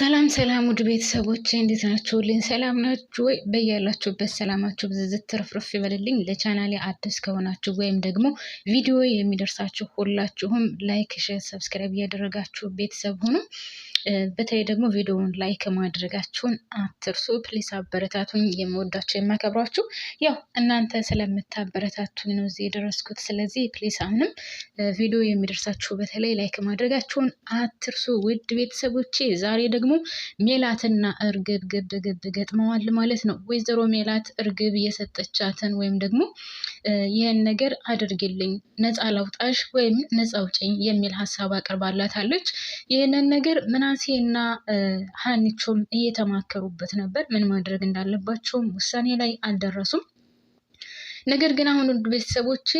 ሰላም ሰላም ውድ ቤተሰቦች እንዴት ናችሁልኝ? ሰላም ናችሁ ወይ? በያላችሁበት ሰላማችሁ ብዝዝት ትርፍርፍ ይበልልኝ። ለቻናሌ አዲስ ከሆናችሁ ወይም ደግሞ ቪዲዮ የሚደርሳችሁ ሁላችሁም ላይክ፣ ሸር፣ ሰብስክራይብ እያደረጋችሁ ቤተሰብ ሁኑ። በተለይ ደግሞ ቪዲዮውን ላይክ ማድረጋችሁን አትርሱ። ፕሊስ አበረታቱኝ። የምወዳችሁ የማከብሯችሁ ያው እናንተ ስለምታበረታቱኝ ነው እዚህ የደረስኩት። ስለዚህ ፕሊስ አሁንም ቪዲዮ የሚደርሳችሁ በተለይ ላይክ ማድረጋችሁን አትርሱ። ውድ ቤተሰቦቼ ዛሬ ደግሞ ሜላትና እርግብ ግብ ገጥመዋል ማለት ነው። ወይዘሮ ሜላት እርግብ የሰጠቻትን ወይም ደግሞ ይህን ነገር አድርግልኝ፣ ነፃ ላውጣሽ ወይም ነፃ አውጪኝ የሚል ሀሳብ አቅርባላታለች። ይህንን ነገር ምና ምናሴና ሀኒቾም እየተማከሩበት ነበር። ምን ማድረግ እንዳለባቸውም ውሳኔ ላይ አልደረሱም። ነገር ግን አሁን ውድ ቤተሰቦቼ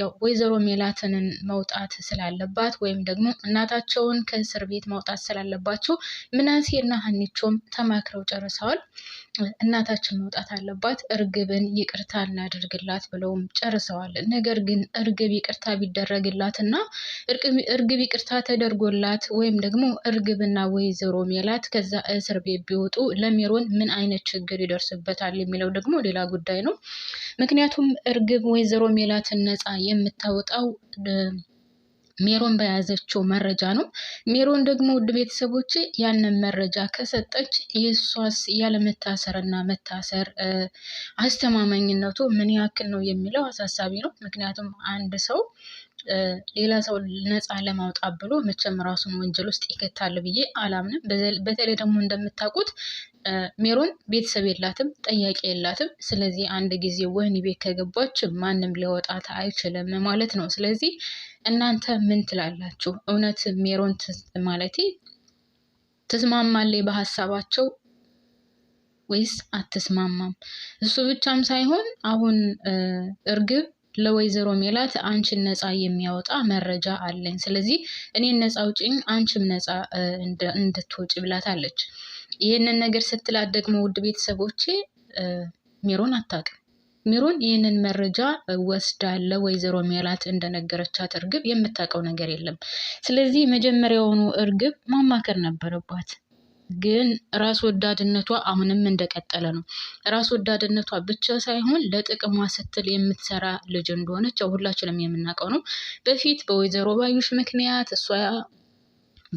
ያው ወይዘሮ ሜላትንን መውጣት ስላለባት ወይም ደግሞ እናታቸውን ከእስር ቤት ማውጣት ስላለባቸው ምናሴና ሀኒቾም ተማክረው ጨርሰዋል። እናታችን መውጣት አለባት፣ እርግብን ይቅርታ እናደርግላት ብለውም ጨርሰዋል። ነገር ግን እርግብ ይቅርታ ቢደረግላት እና እርግብ ይቅርታ ተደርጎላት ወይም ደግሞ እርግብና ወይዘሮ ሜላት ከዛ እስር ቤት ቢወጡ ለሜሮን ምን አይነት ችግር ይደርስበታል የሚለው ደግሞ ሌላ ጉዳይ ነው ምክንያቱ ምክንያቱም እርግብ ወይዘሮ ሜላትን ነፃ የምታወጣው ሜሮን በያዘችው መረጃ ነው። ሜሮን ደግሞ ውድ ቤተሰቦች ያንን መረጃ ከሰጠች የእሷስ ያለመታሰርና መታሰር አስተማማኝነቱ ምን ያክል ነው የሚለው አሳሳቢ ነው። ምክንያቱም አንድ ሰው ሌላ ሰው ነፃ ለማውጣት ብሎ መቼም ራሱን ወንጀል ውስጥ ይከታል ብዬ አላምንም። በተለይ ደግሞ እንደምታውቁት ሜሮን ቤተሰብ የላትም፣ ጠያቂ የላትም። ስለዚህ አንድ ጊዜ ወህኒ ቤት ከገባች ማንም ሊወጣት አይችልም ማለት ነው። ስለዚህ እናንተ ምን ትላላችሁ? እውነት ሜሮን ማለት ትስማማለች በሀሳባቸው ወይስ አትስማማም? እሱ ብቻም ሳይሆን አሁን እርግብ ለወይዘሮ ሜላት አንቺን ነፃ የሚያወጣ መረጃ አለኝ። ስለዚህ እኔን ነፃ ውጭኝ አንቺም ነፃ እንድትወጪ ብላታለች። ይህንን ነገር ስትላት ደግሞ ውድ ቤተሰቦቼ ሚሮን አታውቅም። ሚሮን ይህንን መረጃ ወስዳለ ወይዘሮ ሜላት እንደነገረቻት እርግብ የምታውቀው ነገር የለም። ስለዚህ መጀመሪያውኑ እርግብ ማማከር ነበረባት። ግን ራስ ወዳድነቷ አሁንም እንደቀጠለ ነው። ራስ ወዳድነቷ ብቻ ሳይሆን ለጥቅሟ ስትል የምትሰራ ልጅ እንደሆነች ሁላችንም የምናውቀው ነው። በፊት በወይዘሮ ባዩሽ ምክንያት እሷ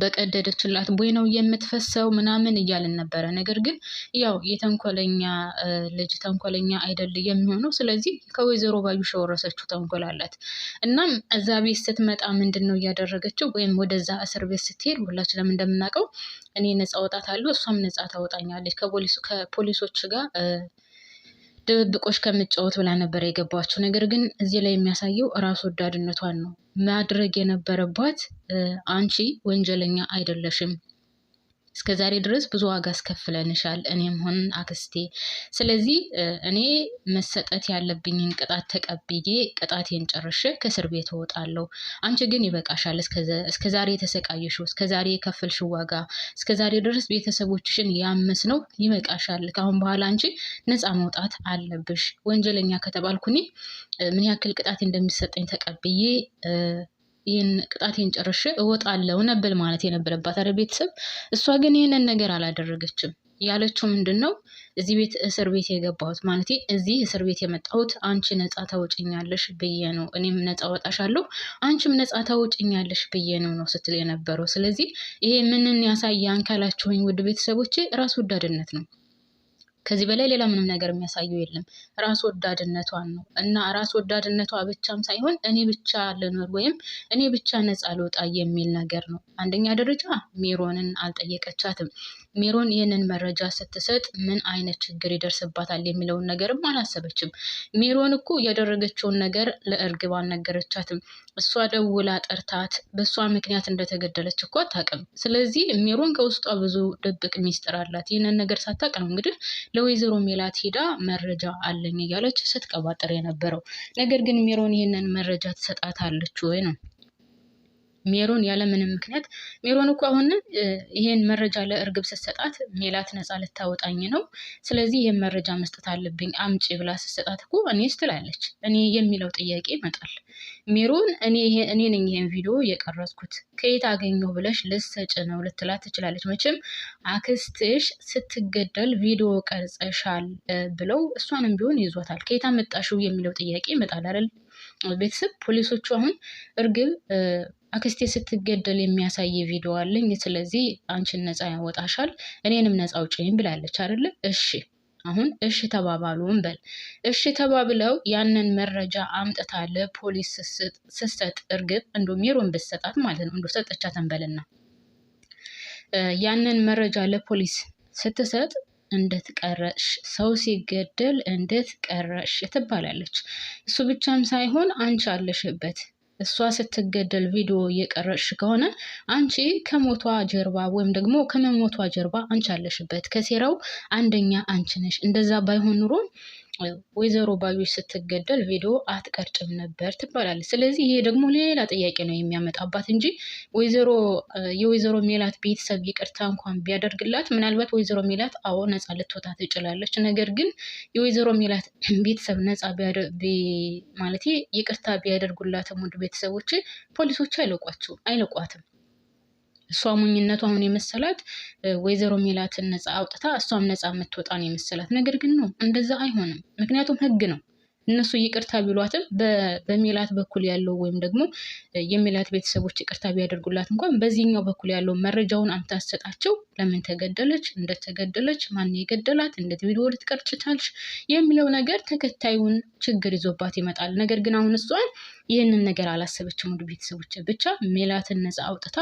በቀደደችላት ቦይ ነው የምትፈሰው ምናምን እያልን ነበረ። ነገር ግን ያው የተንኮለኛ ልጅ ተንኮለኛ አይደል የሚሆነው። ስለዚህ ከወይዘሮ ባዩሽ የወረሰችው ተንኮል አላት። እናም እዛ ቤት ስትመጣ ምንድን ነው እያደረገችው ወይም ወደዛ እስር ቤት ስትሄድ ሁላችንም እንደምናውቀው እኔ ነፃ ወጣት ወጣታለሁ፣ እሷም ነፃ ታወጣኛለች ከፖሊሶች ጋር ድብብቆች ከምጫወት ብላ ነበር የገባችው። ነገር ግን እዚህ ላይ የሚያሳየው ራስ ወዳድነቷን ነው። ማድረግ የነበረባት አንቺ ወንጀለኛ አይደለሽም እስከ ዛሬ ድረስ ብዙ ዋጋ አስከፍለንሻል፣ እኔም ሆን አክስቴ። ስለዚህ እኔ መሰጠት ያለብኝን ቅጣት ተቀብዬ ቅጣቴን ጨርሼ ከእስር ቤት እወጣለሁ። አንቺ ግን ይበቃሻል። እስከ ዛሬ የተሰቃየሽው፣ እስከ ዛሬ የከፈልሽው ዋጋ፣ እስከ ዛሬ ድረስ ቤተሰቦችሽን ያመስ ነው ይበቃሻል። ከአሁን በኋላ አንቺ ነፃ መውጣት አለብሽ። ወንጀለኛ ከተባልኩ ምን ያክል ቅጣት እንደሚሰጠኝ ተቀብዬ ይህን ቅጣቴን ጨርሼ እወጣለሁ ነበር ማለት የነበረባት አረ ቤተሰብ። እሷ ግን ይህንን ነገር አላደረገችም። ያለችው ምንድን ነው? እዚህ ቤት እስር ቤት የገባሁት ማለት እዚህ እስር ቤት የመጣሁት አንቺ ነፃ ታወጭኛለሽ ብዬ ነው፣ እኔም ነፃ ወጣሻለሁ፣ አንቺም ነፃ ታወጭኛለሽ ብዬ ነው ነው ስትል የነበረው። ስለዚህ ይሄ ምንን ያሳያን ካላችሁኝ ውድ ቤተሰቦቼ ራስ ወዳድነት ነው። ከዚህ በላይ ሌላ ምንም ነገር የሚያሳየው የለም። ራስ ወዳድነቷን ነው እና ራስ ወዳድነቷ ብቻም ሳይሆን እኔ ብቻ ልኖር ወይም እኔ ብቻ ነፃ ልውጣ የሚል ነገር ነው። አንደኛ ደረጃ ሜሮንን አልጠየቀቻትም። ሜሮን ይህንን መረጃ ስትሰጥ ምን አይነት ችግር ይደርስባታል የሚለውን ነገርም አላሰበችም። ሜሮን እኮ ያደረገችውን ነገር ለእርግብ አልነገረቻትም። እሷ ደውላ ጠርታት በእሷ ምክንያት እንደተገደለች እኮ አታውቅም። ስለዚህ ሜሮን ከውስጧ ብዙ ድብቅ ሚስጥር አላት። ይህንን ነገር ሳታውቅ ነው እንግዲህ ለወይዘሮ ሜላት ሄዳ መረጃ አለኝ እያለች ስትቀባጥር የነበረው ነገር ግን ሜሮን ይህንን መረጃ ትሰጣታለች ወይ ነው ሜሮን ያለ ምንም ምክንያት ሜሮን እኮ አሁን ይሄን መረጃ ለእርግብ ስትሰጣት ሜላት ነፃ ልታወጣኝ ነው፣ ስለዚህ ይህን መረጃ መስጠት አለብኝ አምጪ ብላ ስትሰጣት እኮ እኔስ ትላለች። እኔ የሚለው ጥያቄ ይመጣል። ሜሮን እኔ ነኝ ይሄን ቪዲዮ የቀረጽኩት ከየት አገኘው ብለሽ ልትሰጭ ነው ልትላት ትችላለች። መቼም አክስትሽ ስትገደል ቪዲዮ ቀርጸሻል ብለው እሷንም ቢሆን ይዟታል። ከየት አመጣሽው የሚለው ጥያቄ ይመጣል አይደል? ቤተሰብ ፖሊሶቹ አሁን እርግብ አክስቴ ስትገደል የሚያሳይ ቪዲዮ አለኝ። ስለዚህ አንቺን ነፃ ያወጣሻል እኔንም ነፃ አውጪኝ ብላለች አይደለ? እሺ አሁን እሺ ተባባሉ እንበል። እሺ ተባብለው ያንን መረጃ አምጥታ ለፖሊስ ስሰጥ እርግብ እንዶ ሜሮን ብትሰጣት ማለት ነው እንዶ ሰጠቻት እንበልና ያንን መረጃ ለፖሊስ ስትሰጥ እንዴት ቀረሽ? ሰው ሲገደል እንዴት ቀረሽ ትባላለች። እሱ ብቻም ሳይሆን አንቺ አለሽበት እሷ ስትገደል ቪዲዮ እየቀረጽሽ ከሆነ አንቺ ከሞቷ ጀርባ ወይም ደግሞ ከመሞቷ ጀርባ አንቺ አለሽበት፣ ከሴራው አንደኛ አንቺ ነሽ። እንደዛ ባይሆን ኑሮ ወይዘሮ ባዩሽ ስትገደል ቪዲዮ አትቀርጭም ነበር ትባላለች። ስለዚህ ይሄ ደግሞ ሌላ ጥያቄ ነው የሚያመጣባት እንጂ ወይዘሮ የወይዘሮ ሜላት ቤተሰብ ይቅርታ እንኳን ቢያደርግላት ምናልባት ወይዘሮ ሜላት አዎ ነፃ ልትወጣ ትችላለች። ነገር ግን የወይዘሮ ሜላት ቤተሰብ ነፃ ማለት ይቅርታ ቢያደርጉላትም ወንድ ቤተሰቦች ፖሊሶች አይለቋቸውም አይለቋትም። እሷ ሞኝነቷ አሁን የመሰላት ወይዘሮ ሜላትን ነፃ አውጥታ እሷም ነፃ የምትወጣ ነው የመሰላት። ነገር ግን ነው እንደዛ አይሆንም። ምክንያቱም ህግ ነው። እነሱ ይቅርታ ቢሏትም በሜላት በኩል ያለው ወይም ደግሞ የሜላት ቤተሰቦች ይቅርታ ቢያደርጉላት እንኳን በዚህኛው በኩል ያለው መረጃውን አንተ ለምን ተገደለች፣ እንደተገደለች፣ ማን የገደላት፣ እንዴት ቪዲዮ ልትቀርጭ ቻልሽ የሚለው ነገር ተከታዩን ችግር ይዞባት ይመጣል። ነገር ግን አሁን እሷን ይህንን ነገር አላሰበችም። ወደ ቤተሰቦች ብቻ ሜላትን ነፃ አውጥታ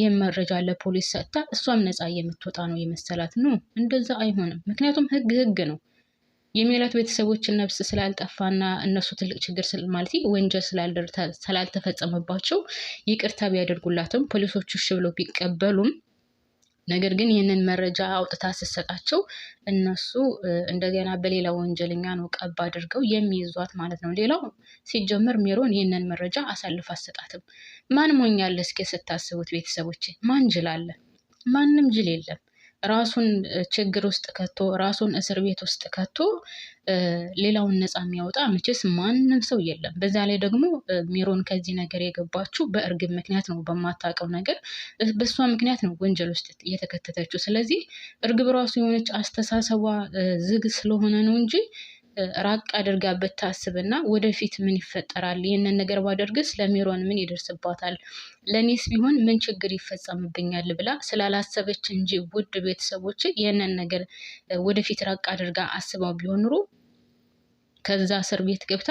ይህን መረጃ ለፖሊስ ሰጥታ እሷም ነፃ የምትወጣ ነው የመሰላት ነው። እንደዛ አይሆንም። ምክንያቱም ህግ ህግ ነው። የሚላት ቤተሰቦችን ነፍስ ስላልጠፋና እነሱ ትልቅ ችግር ማለት ወንጀል ስላልተፈጸመባቸው ይቅርታ ቢያደርጉላትም ፖሊሶቹ እሺ ብለው ቢቀበሉም ነገር ግን ይህንን መረጃ አውጥታ ስትሰጣቸው እነሱ እንደገና በሌላ ወንጀለኛ ነው ቀብ አድርገው የሚይዟት ማለት ነው። ሌላው ሲጀመር ሜሮን ይህንን መረጃ አሳልፎ አትሰጣትም። ማን ሞኛለ? እስኪ ስታስቡት ቤተሰቦች፣ ማን ጅል አለ? ማንም ጅል የለም። ራሱን ችግር ውስጥ ከቶ ራሱን እስር ቤት ውስጥ ከቶ ሌላውን ነፃ የሚያወጣ መቼስ ማንም ሰው የለም። በዛ ላይ ደግሞ ሚሮን ከዚህ ነገር የገባችው በእርግብ ምክንያት ነው፣ በማታውቀው ነገር በእሷ ምክንያት ነው ወንጀል ውስጥ የተከተተችው። ስለዚህ እርግብ ራሱ የሆነች አስተሳሰቧ ዝግ ስለሆነ ነው እንጂ ራቅ አድርጋ ብታስብና ወደፊት ምን ይፈጠራል? ይህንን ነገር ባደርግስ ለሚሮን ምን ይደርስባታል? ለእኔስ ቢሆን ምን ችግር ይፈጸምብኛል? ብላ ስላላሰበች እንጂ ውድ ቤተሰቦች ይህንን ነገር ወደፊት ራቅ አድርጋ አስባው ቢሆን ኑሮ ከዛ እስር ቤት ገብታ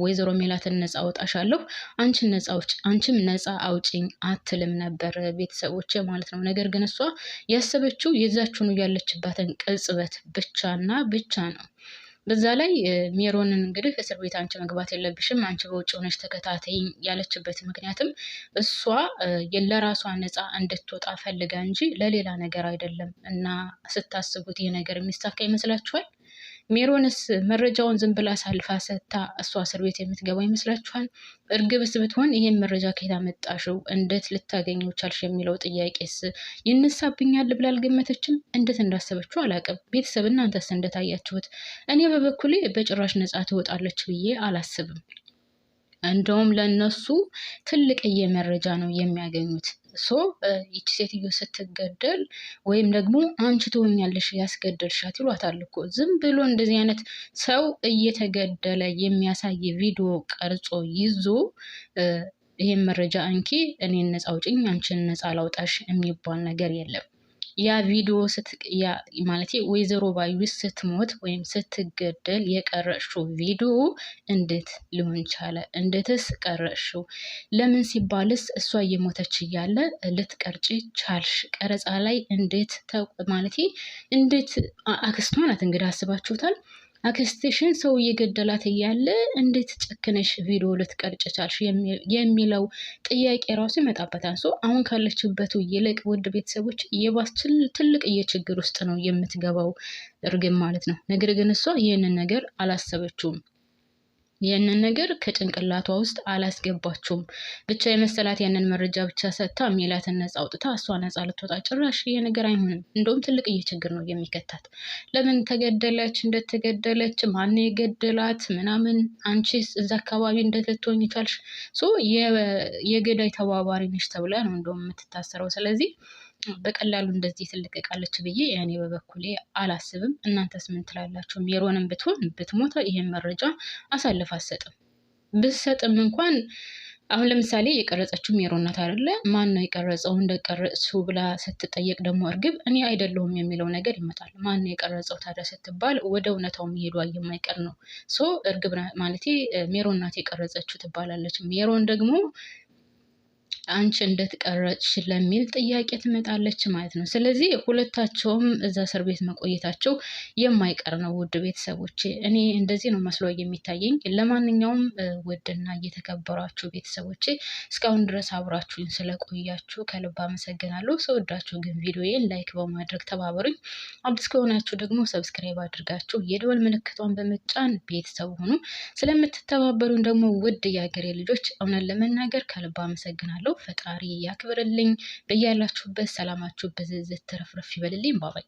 ወይዘሮ ሜላትን ነፃ አወጣሻለሁ አንቺን ነፃ አውጭ አንቺም ነፃ አውጪኝ አትልም ነበር ቤተሰቦች ማለት ነው። ነገር ግን እሷ ያሰበችው የዛችሁኑ ያለችባትን ቅጽበት ብቻና ብቻ ነው። በዛ ላይ ሜሮንን እንግዲህ እስር ቤት አንቺ መግባት የለብሽም አንቺ በውጭ ሆነች ተከታተይ ያለችበት ምክንያትም እሷ ለራሷ ነፃ እንድትወጣ ፈልጋ እንጂ ለሌላ ነገር አይደለም። እና ስታስቡት ይህ ነገር የሚሳካ ይመስላችኋል? ሜሮንስ መረጃውን ዝም ብላ ሳልፋ ሰጥታ እሷ እስር ቤት የምትገባ ይመስላችኋል? እርግብስ ብትሆን ይህን መረጃ ከየት አመጣሽው፣ እንዴት ልታገኘው ቻልሽ የሚለው ጥያቄስ ይነሳብኛል ብላ አልገመተችም። እንዴት እንዳሰበችው አላቅም። ቤተሰብ እናንተስ እንደታያችሁት? እኔ በበኩሌ በጭራሽ ነጻ ትወጣለች ብዬ አላስብም። እንደውም ለነሱ ትልቅዬ መረጃ ነው የሚያገኙት። ሶ ይቺ ሴትዮ ስትገደል ወይም ደግሞ አንቺ ትሆኛለሽ ያስገደልሻት ይሏታል እኮ። ዝም ብሎ እንደዚህ አይነት ሰው እየተገደለ የሚያሳይ ቪዲዮ ቀርጾ ይዞ ይህን መረጃ እንኪ፣ እኔን ነፃ አውጪኝ፣ አንቺን ነፃ ላውጣሽ የሚባል ነገር የለም። ያ ቪዲዮ ማለት ወይዘሮ ባዩሽ ስትሞት ወይም ስትገደል የቀረጽሽው ቪዲዮ እንዴት ሊሆን ቻለ? እንዴትስ ቀረጽሽው? ለምን ሲባልስ እሷ እየሞተች እያለ ልትቀርጪ ቻልሽ? ቀረጻ ላይ እንዴት ማለት እንዴት አክስቷ ናት እንግዲህ አስባችሁታል። አክስትሽን ሰው እየገደላት እያለ እንዴት ጨክነሽ ቪዲዮ ልትቀርጭ ቻልሽ የሚለው ጥያቄ ራሱ ይመጣበታል። ሶ አሁን ካለችበት ይልቅ ውድ ቤተሰቦች የባስ ትልቅ የችግር ውስጥ ነው የምትገባው እርግብ ማለት ነው። ነገር ግን እሷ ይህንን ነገር አላሰበችውም። ያንን ነገር ከጭንቅላቷ ውስጥ አላስገባችውም። ብቻ የመሰላት ያንን መረጃ ብቻ ሰጥታ ሜላትን ነጻ አውጥታ እሷ ነጻ ልትወጣ ጭራሽ ይሄ ነገር አይሆንም። እንደውም ትልቅዬ ችግር ነው የሚከታት። ለምን ተገደለች? እንደተገደለች ማን የገደላት ምናምን፣ አንቺስ እዛ አካባቢ እንደትትሆኝ ይቻልሽ፣ የገዳይ ተባባሪ ነሽ ተብላ ነው እንደውም የምትታሰረው። ስለዚህ በቀላሉ እንደዚህ ትለቀቃለች ብዬ እኔ በበኩሌ አላስብም። እናንተስ ምን ትላላችሁ? ሜሮንም ብትሆን ብትሞተ ይህን መረጃ አሳልፍ አሰጥም። ብትሰጥም እንኳን አሁን ለምሳሌ የቀረጸችው ሜሮን ናት አይደለ? ማን ነው የቀረጸው? እንደቀረጽሽው ብላ ስትጠየቅ ደግሞ እርግብ እኔ አይደለሁም የሚለው ነገር ይመጣል። ማን ነው የቀረጸው ታዲያ ስትባል ወደ እውነታው መሄዷ የማይቀር ነው። ሶ እርግብ ማለቴ ሜሮን ናት የቀረጸችው ትባላለች። ሜሮን ደግሞ አንቺ እንደትቀረጭ ለሚል ጥያቄ ትመጣለች ማለት ነው። ስለዚህ ሁለታቸውም እዛ እስር ቤት መቆየታቸው የማይቀር ነው። ውድ ቤተሰቦች እኔ እንደዚህ ነው መስሎ የሚታየኝ። ለማንኛውም ውድና እየተከበሯችሁ ቤተሰቦች እስካሁን ድረስ አብራችሁኝ ስለቆያችሁ ከልብ አመሰግናለሁ። ሰወዳችሁ ግን ቪዲዮዬን ላይክ በማድረግ ተባበሩኝ። አዲስ ከሆናችሁ ደግሞ ሰብስክራይብ አድርጋችሁ የደወል ምልክቷን በመጫን ቤተሰብ ሆኑ። ስለምትተባበሩን ደግሞ ውድ የሀገሬ ልጆች እውነት ለመናገር ከልብ አመሰግናለሁ። ፈጣሪ ያክብርልኝ። በያላችሁበት ሰላማችሁ በዝዝት ትረፍረፍ ይበልልኝ። ባባይ